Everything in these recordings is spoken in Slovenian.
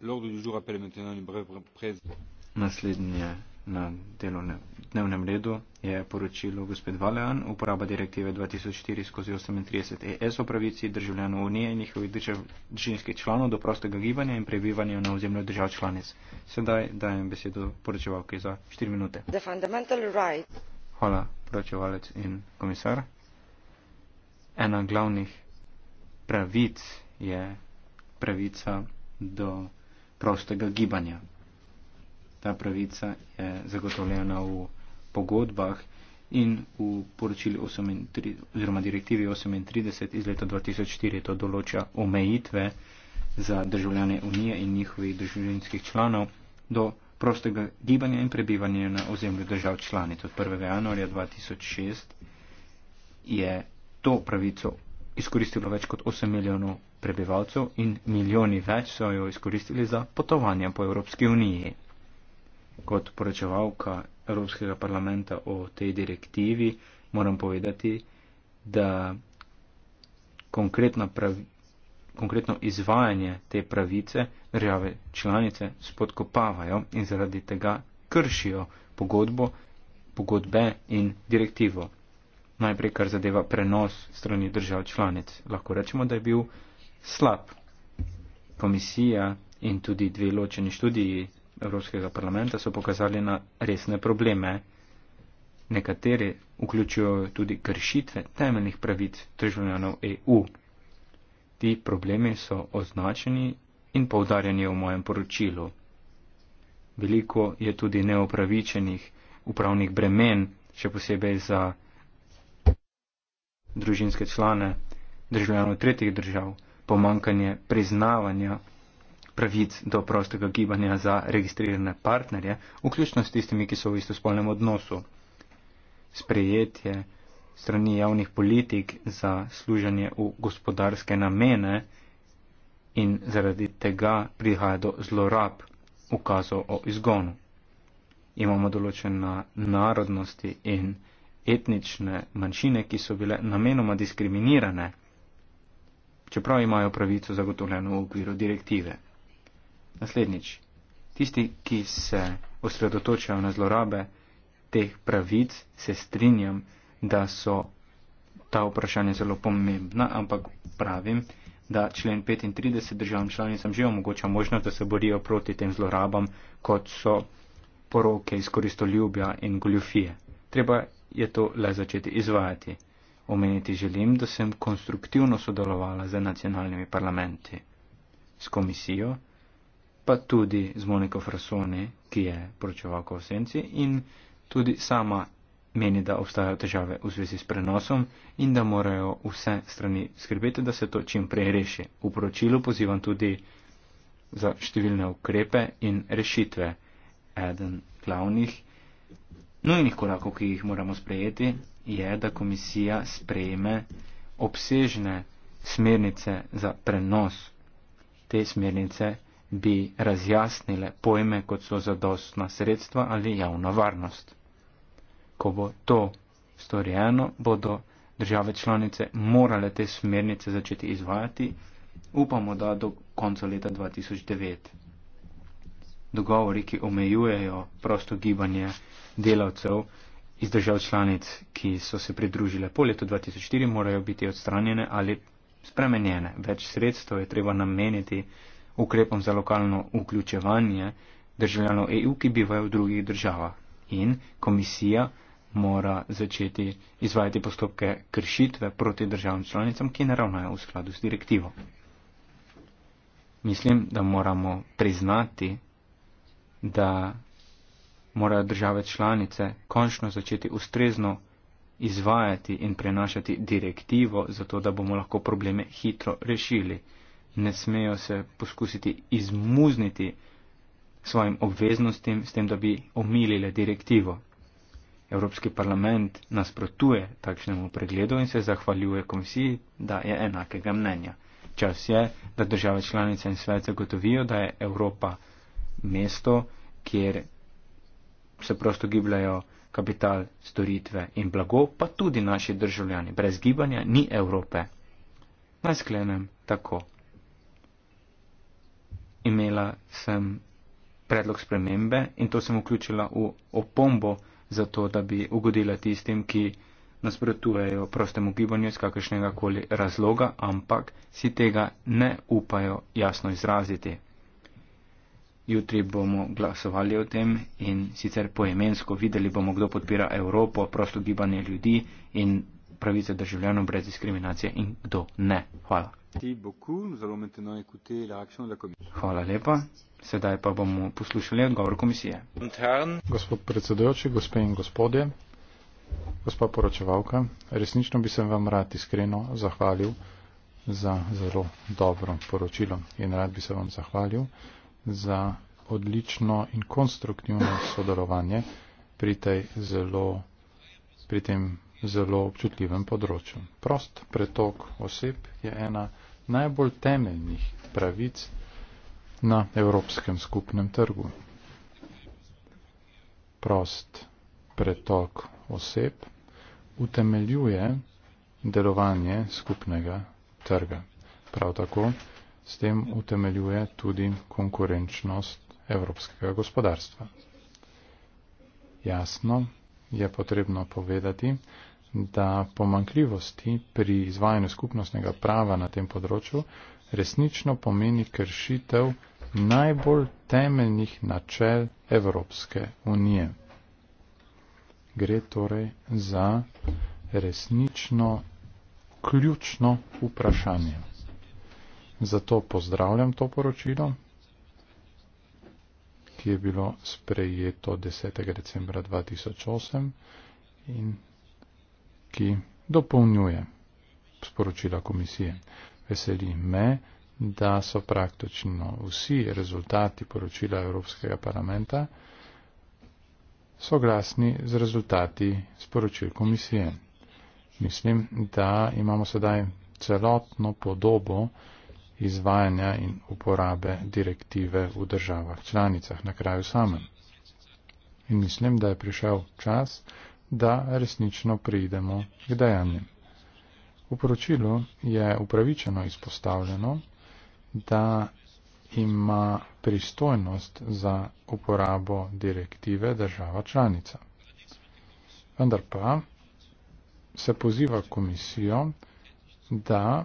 l'ordre du jour appelle maintenant une brève Naslednje na delovnem dnevnem redu je poročilo gospod Valean, uporaba direktive 2004-38-ES e o pravici državljanov Unije in njihovih državljanskih članov do prostega gibanja in prebivanja na ozemlju držav članic. Sedaj dajem besedo poročevalki za 4 minute. Hvala, poročevalec in komisar. Ena glavnih pravic je pravica do prostega gibanja. Ta pravica je zagotovljena v pogodbah in v poročili 38 oziroma direktivi 38 iz leta 2004 to določa omejitve za državljane Unije in njihovih državljanskih članov do prostega gibanja in prebivanja na ozemlju držav članic. Od 1. januarja 2006 je to pravico izkoristilo več kot 8 milijonov prebivalcev in milijoni več so jo izkoristili za potovanja po Evropski uniji. Kot poročevalka Evropskega parlamenta o tej direktivi moram povedati, da pravi, konkretno izvajanje te pravice države članice spodkopavajo in zaradi tega kršijo pogodbo, pogodbe in direktivo. Najprej, kar zadeva prenos strani držav članic. Lahko rečemo, da je bil slab. Komisija in tudi dve ločeni študiji Evropskega parlamenta so pokazali na resne probleme. Nekateri vključujo tudi kršitve temeljnih pravic državljanov EU. Ti problemi so označeni in poudarjeni v mojem poročilu. Veliko je tudi neopravičenih upravnih bremen, še posebej za družinske člane državljanov tretjih držav pomankanje priznavanja pravic do prostega gibanja za registrirane partnerje, vključno s tistimi, ki so v istospolnem odnosu. Sprejetje strani javnih politik za služanje v gospodarske namene in zaradi tega prihaja do zlorab ukazov o izgonu. Imamo določena narodnosti in etnične manjšine, ki so bile namenoma diskriminirane čeprav imajo pravico zagotovljeno v okviru direktive. Naslednjič, tisti, ki se osredotočajo na zlorabe teh pravic, se strinjam, da so ta vprašanja zelo pomembna, ampak pravim, da člen 35 državam članicam že omogoča možnost, da se borijo proti tem zlorabam, kot so poroke izkoristoljubja in goljufije. Treba je to le začeti izvajati. Omeniti želim, da sem konstruktivno sodelovala z nacionalnimi parlamenti, s komisijo, pa tudi z Moniko Frasoni, ki je poročevalka v senci in tudi sama meni, da obstajajo težave v zvezi s prenosom in da morajo vse strani skrbeti, da se to čim prej reši. V poročilu pozivam tudi za številne ukrepe in rešitve. Eden glavnih. Nujnih korakov, ki jih moramo sprejeti, je, da komisija sprejme obsežne smernice za prenos. Te smernice bi razjasnile pojme, kot so zadostna sredstva ali javna varnost. Ko bo to storjeno, bodo države članice morale te smernice začeti izvajati, upamo, da do konca leta 2009. Dogovori, ki omejujejo prosto gibanje delavcev, iz držav članic, ki so se pridružile po letu 2004, morajo biti odstranjene ali spremenjene. Več sredstev je treba nameniti ukrepom za lokalno vključevanje državljanov EU, ki bivajo v drugih državah. In komisija mora začeti izvajati postopke kršitve proti državam članicam, ki ne ravnajo v skladu s direktivo. Mislim, da moramo priznati, da morajo države članice končno začeti ustrezno izvajati in prenašati direktivo, zato da bomo lahko probleme hitro rešili. Ne smejo se poskusiti izmuzniti svojim obveznostim s tem, da bi omilile direktivo. Evropski parlament nasprotuje takšnemu pregledu in se zahvaljuje komisiji, da je enakega mnenja. Čas je, da države članice in svet zagotovijo, da je Evropa mesto, kjer se prosto gibljajo kapital, storitve in blago, pa tudi naši državljani. Brez gibanja ni Evrope. Naj sklenem tako. Imela sem predlog spremembe in to sem vključila v opombo za to, da bi ugodila tistim, ki nasprotujejo prostemu gibanju iz kakršnega koli razloga, ampak si tega ne upajo jasno izraziti. Jutri bomo glasovali o tem in sicer poemensko videli bomo, kdo podpira Evropo, prosto gibanje ljudi in pravice državljanov brez diskriminacije in kdo ne. Hvala. Hvala lepa. Sedaj pa bomo poslušali odgovor komisije. Gospod predsedujoči, gospe in gospodje, gospa poročevalka, resnično bi se vam rad iskreno zahvalil za zelo dobro poročilo in rad bi se vam zahvalil za odlično in konstruktivno sodelovanje pri, tej zelo, pri tem zelo občutljivem področju. Prost pretok oseb je ena najbolj temeljnih pravic na evropskem skupnem trgu. Prost pretok oseb utemeljuje delovanje skupnega trga. Prav tako s tem utemeljuje tudi konkurenčnost evropskega gospodarstva. Jasno je potrebno povedati, da pomankljivosti pri izvajanju skupnostnega prava na tem področju resnično pomeni kršitev najbolj temeljnih načel Evropske unije. Gre torej za resnično ključno vprašanje. Zato pozdravljam to poročilo, ki je bilo sprejeto 10. decembra 2008 in ki dopolnjuje sporočila komisije. Veseli me, da so praktično vsi rezultati poročila Evropskega parlamenta soglasni z rezultati sporočil komisije. Mislim, da imamo sedaj celotno podobo, izvajanja in uporabe direktive v državah članicah na kraju samem. In mislim, da je prišel čas, da resnično pridemo k dejanjem. V poročilu je upravičeno izpostavljeno, da ima pristojnost za uporabo direktive država članica. Vendar pa se poziva komisijo, da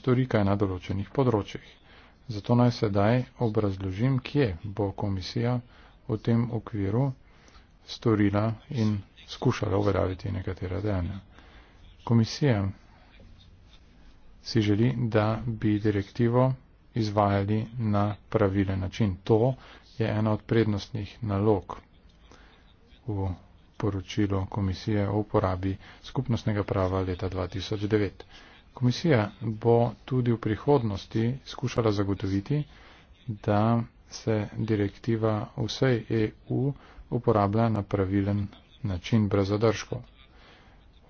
stori kaj na določenih področjih. Zato naj sedaj obrazložim, kje bo komisija v tem okviru storila in skušala uveljaviti nekatera dejanja. Komisija si želi, da bi direktivo izvajali na pravilen način. To je ena od prednostnih nalog v poročilu komisije o uporabi skupnostnega prava leta 2009. Komisija bo tudi v prihodnosti skušala zagotoviti, da se direktiva vsej EU uporablja na pravilen način brez zadržkov.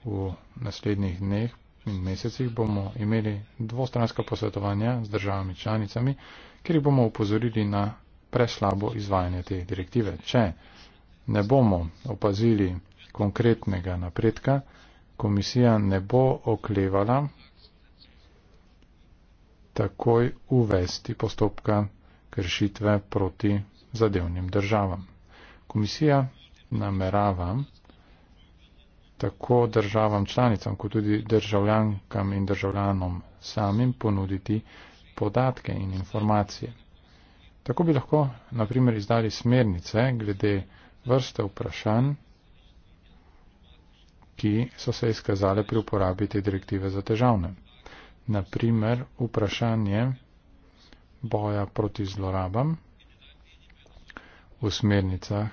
V naslednjih dneh in mesecih bomo imeli dvostranska posvetovanja z državami članicami, kjer jih bomo upozorili na preslabo izvajanje te direktive. Če ne bomo opazili konkretnega napredka, komisija ne bo oklevala takoj uvesti postopka kršitve proti zadevnim državam. Komisija namerava tako državam članicam, kot tudi državljankam in državljanom samim ponuditi podatke in informacije. Tako bi lahko, na primer, izdali smernice glede vrste vprašanj, ki so se izkazale pri uporabi te direktive za težavne naprimer vprašanje boja proti zlorabam. V smernicah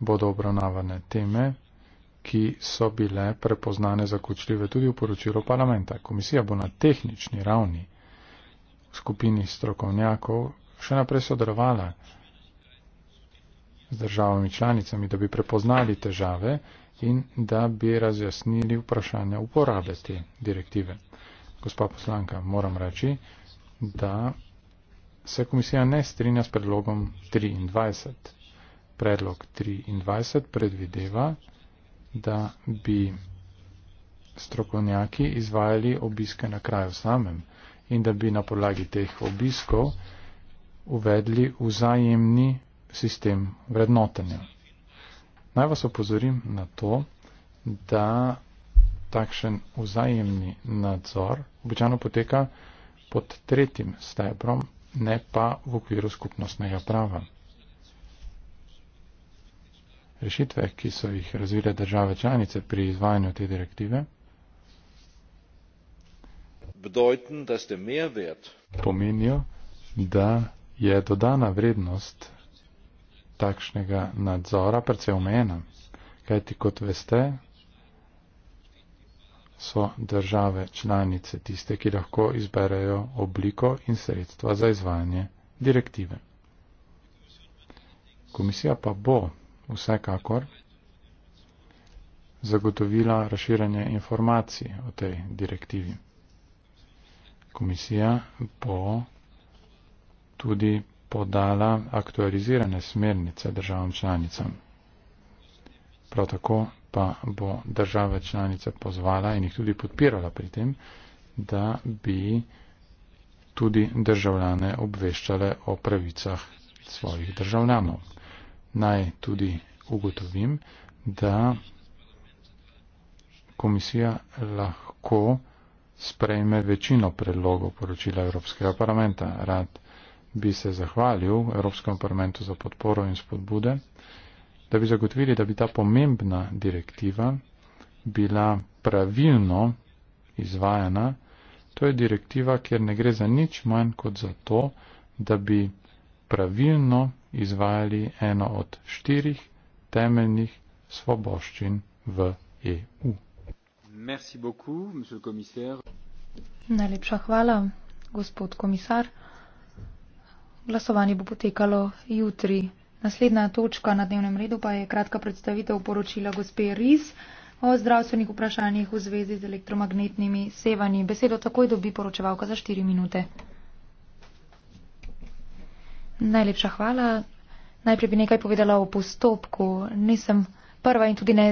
bodo obravnavane teme, ki so bile prepoznane zakočljive tudi v poročilu parlamenta. Komisija bo na tehnični ravni v skupini strokovnjakov še naprej sodelovala z državami članicami, da bi prepoznali težave in da bi razjasnili vprašanja uporabe te direktive gospa poslanka, moram reči, da se komisija ne strinja s predlogom 23. Predlog 23 predvideva, da bi strokovnjaki izvajali obiske na kraju samem in da bi na podlagi teh obiskov uvedli vzajemni sistem vrednotenja. Naj vas opozorim na to, da takšen vzajemni nadzor običajno poteka pod tretjim stebrom, ne pa v okviru skupnostnega prava. Rešitve, ki so jih razvile države članice pri izvajanju te direktive, pomenijo, da je dodana vrednost takšnega nadzora precej omejena. Kajti, kot veste, so države članice tiste, ki lahko izberejo obliko in sredstva za izvajanje direktive. Komisija pa bo vsekakor zagotovila raširanje informacij o tej direktivi. Komisija bo tudi podala aktualizirane smernice državam članicam. Prav tako pa bo država članica pozvala in jih tudi podpirala pri tem, da bi tudi državljane obveščale o pravicah svojih državljanov. Naj tudi ugotovim, da komisija lahko sprejme večino predlogov poročila Evropskega parlamenta. Rad bi se zahvalil Evropskemu parlamentu za podporo in spodbude da bi zagotovili, da bi ta pomembna direktiva bila pravilno izvajana. To je direktiva, kjer ne gre za nič manj kot za to, da bi pravilno izvajali eno od štirih temeljnih svoboščin v EU. Merci beaucoup, monsieur commissaire. Najlepša hvala, gospod komisar. Glasovanje bo potekalo jutri. Naslednja točka na dnevnem redu pa je kratka predstavitev poročila gospe Riz o zdravstvenih vprašanjih v zvezi z elektromagnetnimi sevanji. Besedo takoj dobi poročevalka za 4 minute. Najlepša hvala. Najprej bi nekaj povedala o postopku. Nisem prva in tudi ne.